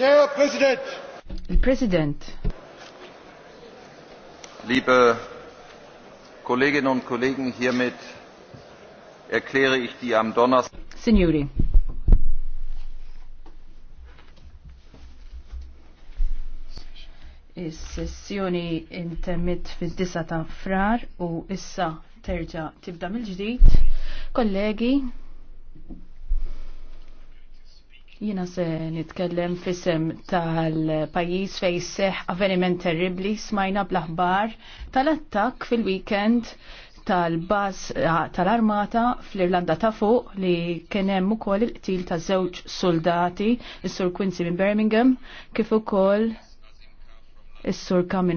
Der Präsident! Il-President. Liebe Kolleginnen und Kollegen, hiermit erkläre ich die am Donnerstag. Signori. Is-sessjoni intemmit fil 9 ta' frar u issa terġa' tibda mill-ġdid. Kollegi, Jina se nitkellem fisem tal-pajis fej seħ avveniment terribli smajna bl-aħbar tal-attak fil-weekend tal-bas ah, tal-armata fl-Irlanda ta' fuq li kienem ukoll il-qtil ta' żewġ soldati, il sur Quincy minn Birmingham, kif ukoll is-Sur Kamin